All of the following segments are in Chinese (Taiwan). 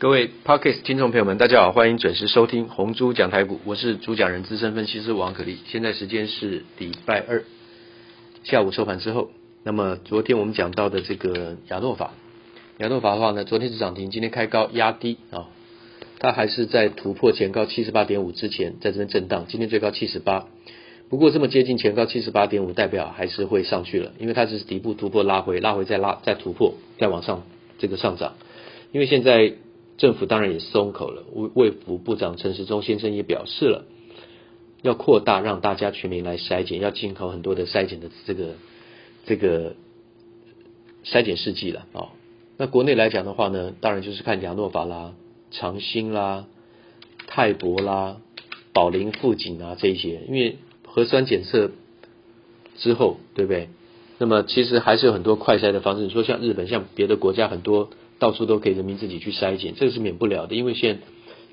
各位 Podcast 聽眾朋友們，大家好，歡迎準時收聽紅豬講台股，我是主講人資深分析師王可立。現在時間是禮拜二下午收盤之後。那麼昨天我們講到的這個亞諾法，亞諾法的話呢，昨天是漲停，今天開高壓低啊、哦，它還是在突破前高七十八點五之前，在這邊震盪。今天最高七十八，不過這麼接近前高七十八點五，代表還是會上去了，因為它只是底部突破拉回，拉回再拉再突破，再往上這個上漲。因為現在政府當然也鬆口了，衛衛福部長陳時中先生也表示了，要擴大讓大家全民來篩檢，要進口很多的篩檢的這個這個篩檢試劑了啊、哦。那國內來講的話呢，當然就是看亞諾法啦、長興啦、泰博啦、寶齡富錦啊這些，因為核酸檢測之後，對不對？那麼其實還是有很多快篩的方式，你說像日本、像別的國家，很多到處都可以人民自己去篩檢，這個是免不了的，因為現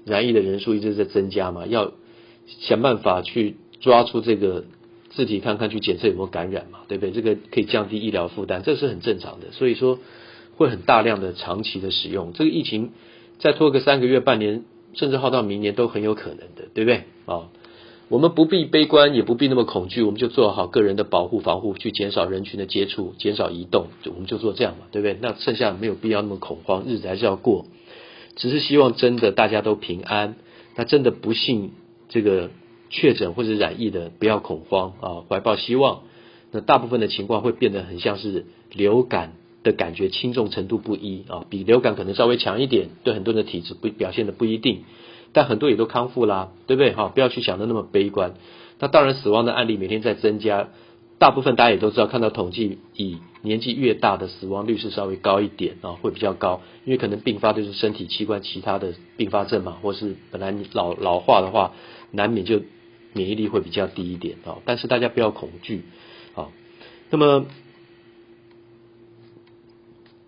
在染疫的人數一直在增加嘛，要想辦法去抓出這個自己看看去檢測有沒有感染嘛，對不對？這個可以降低醫療負擔，這是很正常的，所以說會很大量的長期的使用。這個疫情再拖個三個月、半年，甚至耗到明年都很有可能的，對不對？啊、哦。我們不必悲觀，也不必那麼恐懼，我們就做好個人的保護防護，去減少人群的接觸，減少移動，就我們就做這樣嘛，對不對？那剩下沒有必要那麼恐慌，日子還是要過，只是希望真的大家都平安。那真的不幸這個確診或者染疫的，不要恐慌啊，懷抱希望。那大部分的情況會變得很像是流感的感覺，輕重程度不一啊，比流感可能稍微強一點，對很多人的體質不表現的不一定。但很多也都康復啦，對不對？哈，不要去想的那麼悲觀。那當然，死亡的案例每天在增加，大部分大家也都知道，看到統計，以年紀越大的死亡率是稍微高一點啊，會比較高，因為可能併發就是身體器官其他的并發症嘛，或是本來你老老化的話，難免就免疫力會比較低一點啊。但是大家不要恐懼啊。那麼，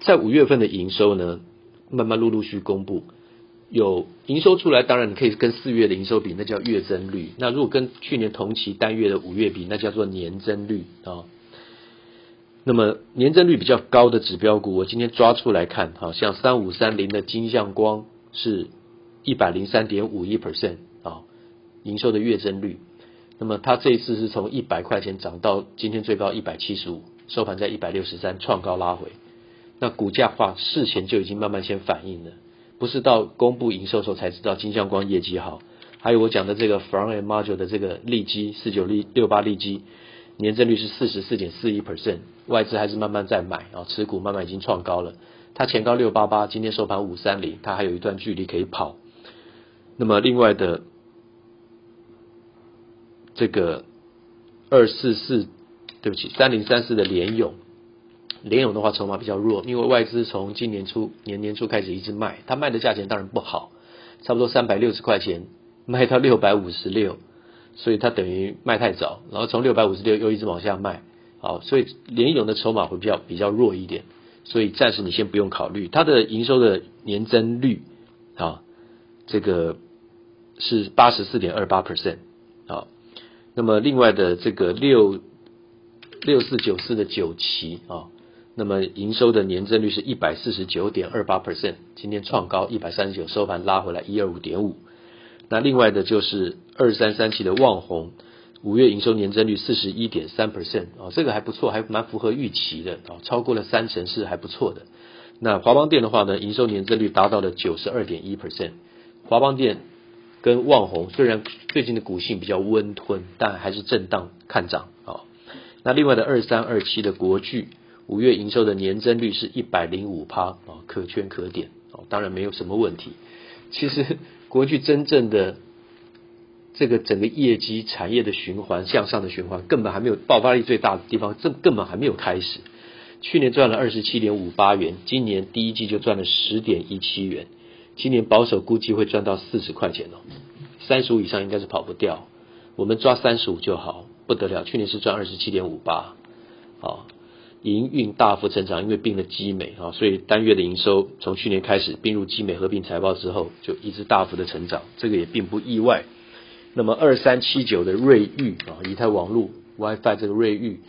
在五月份的營收呢，慢慢陸陸續公布。有營收出來，當然你可以跟四月的營收比，那叫月增率。那如果跟去年同期單月的五月比，那叫做年增率啊。那麼年增率比較高的指標股，我今天抓出來看，好、啊、像三五三零的金像光是一百零三點五一 percent 啊，營收的月增率。那麼它這一次是從一百塊錢漲到今天最高一百七十五，收盤在一百六十三，創高拉回。那股價化，事前就已經慢慢先反映了。不是到公布營收時候才知道金相光業績好，還有我講的這個 Front End Module 的這個利基四九利六八立積，年增率是四十四點四一 percent，外資還是慢慢在買，啊、哦，持股慢慢已經創高了，它前高六八八，今天收盤五三零，它還有一段距離可以跑。那麼另外的這個二四四，244, 對不起，三零三四的聯詠。聯詠的話，籌碼比較弱，因為外資從今年初年年初開始一直賣，它賣的價錢當然不好，差不多三百六十塊錢賣到六百五十六，所以它等於賣太早，然後從六百五十六又一直往下賣，好，所以聯詠的籌碼會比較比較弱一點，所以暫時你先不用考慮它的營收的年增率啊、哦，這個是八十四點二八 percent 啊，那麼另外的這個六六四九四的九齊啊。那麼營收的年增率是一百四十九點二八 percent，今天創高一百三十九，收盤拉回來一二五點五。那另外的，就是二三三七的旺宏，五月營收年增率四十一點三 percent，哦，這個還不錯，還蠻符合預期的，哦，超過了三成是還不錯的。那華邦電的話呢，營收年增率達到了九十二點一 percent，華邦電跟旺宏雖然最近的股性比較溫吞，但還是震盪看漲。哦，那另外的二三二七的國巨。五月營收的年增率是一百零五趴啊，可圈可點哦，當然沒有什麼問題。其實國巨真正的這個整個業績產業的循環向上的循環，根本還沒有爆發力最大的地方，這根本還沒有開始。去年賺了二十七點五八元，今年第一季就賺了十點一七元，今年保守估計會賺到四十塊錢哦，三十五以上應該是跑不掉，我們抓三十五就好，不得了。去年是賺二十七點五八，啊營運大幅成長，因為併了基美啊，所以單月的營收從去年開始併入基美合併財報之後，就一直大幅的成長，這個也並不意外。那麼二三七九的瑞昱啊，以太網路 WiFi 這個瑞昱，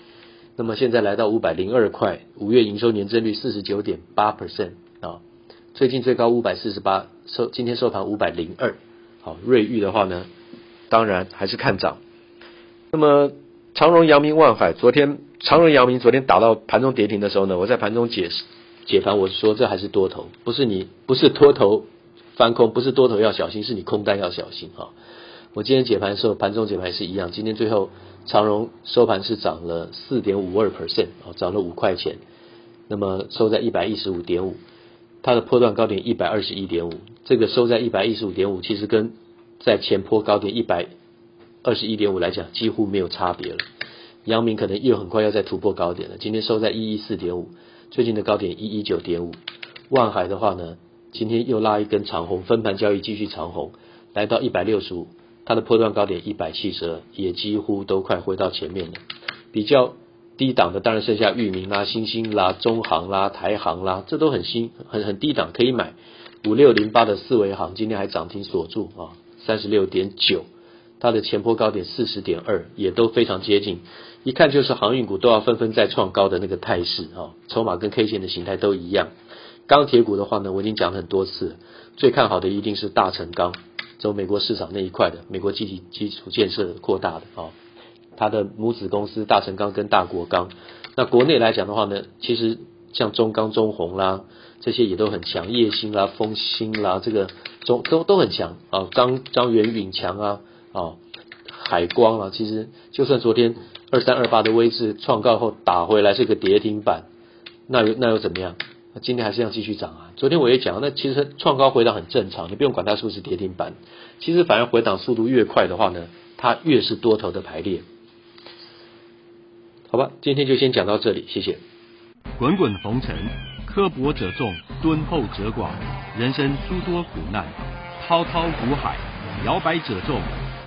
那麼現在來到五百零二塊，五月營收年增率四十九點八 percent 啊，最近最高五百四十八，收今天收盤五百零二，好，瑞昱的話呢，當然還是看漲，那麼。長榮陽明萬海，昨天長榮陽明昨天打到盤中跌停的時候呢，我在盤中解解盤，我說這還是多頭，不是你不是多頭翻空，不是多頭要小心，是你空單要小心啊、哦。我今天解盤的時候，盤中解盤是一樣。今天最後長榮收盤是漲了四點五二 percent 啊，漲了五塊錢，那麼收在一百一十五點五，它的波段高點一百二十一點五，這個收在一百一十五點五，其實跟在前波高點一百。二十一點五來講幾乎沒有差別了，陽明可能又很快要再突破高點了，今天收在一一四點五，最近的高點一一九點五。萬海的話呢，今天又拉一根長紅，分盤交易繼續長紅，來到一百六十五，它的波段高點一百七十二，也幾乎都快回到前面了。比較低檔的當然剩下裕民啦、新興啦、中航啦、台航啦，這都很新、很很低檔可以買。五六零八的四維航今天還漲停鎖住啊，三十六點九。它的前波高點四十點二，也都非常接近，一看就是航運股都要紛紛再創高的那個態勢啊、哦。籌碼跟 K 線的形態都一樣。鋼鐵股的話呢，我已經講了很多次了，最看好的一定是大成鋼，走美國市場那一塊的，美國基底基礎建設擴大的啊、哦。它的母子公司大成鋼跟大國鋼，那國內來講的話呢，其實像中鋼、中鴻啦，這些也都很強，燁興啦、豐興啦，這個中都都很強啊、哦。張張元、允強啊。哦，海光了、啊，其實就算昨天二三二八的位置創高後打回來是一個跌停板，那又那又怎麼樣？那今天還是要繼續漲啊！昨天我也講，那其實創高回檔很正常，你不用管它是不是跌停板，其實反而回檔速度越快的話呢，它越是多頭的排列，好吧？今天就先講到這裡，謝謝。滾滾紅塵，刻薄者眾，敦厚者寡，人生諸多苦難，滔滔苦海，搖擺者眾。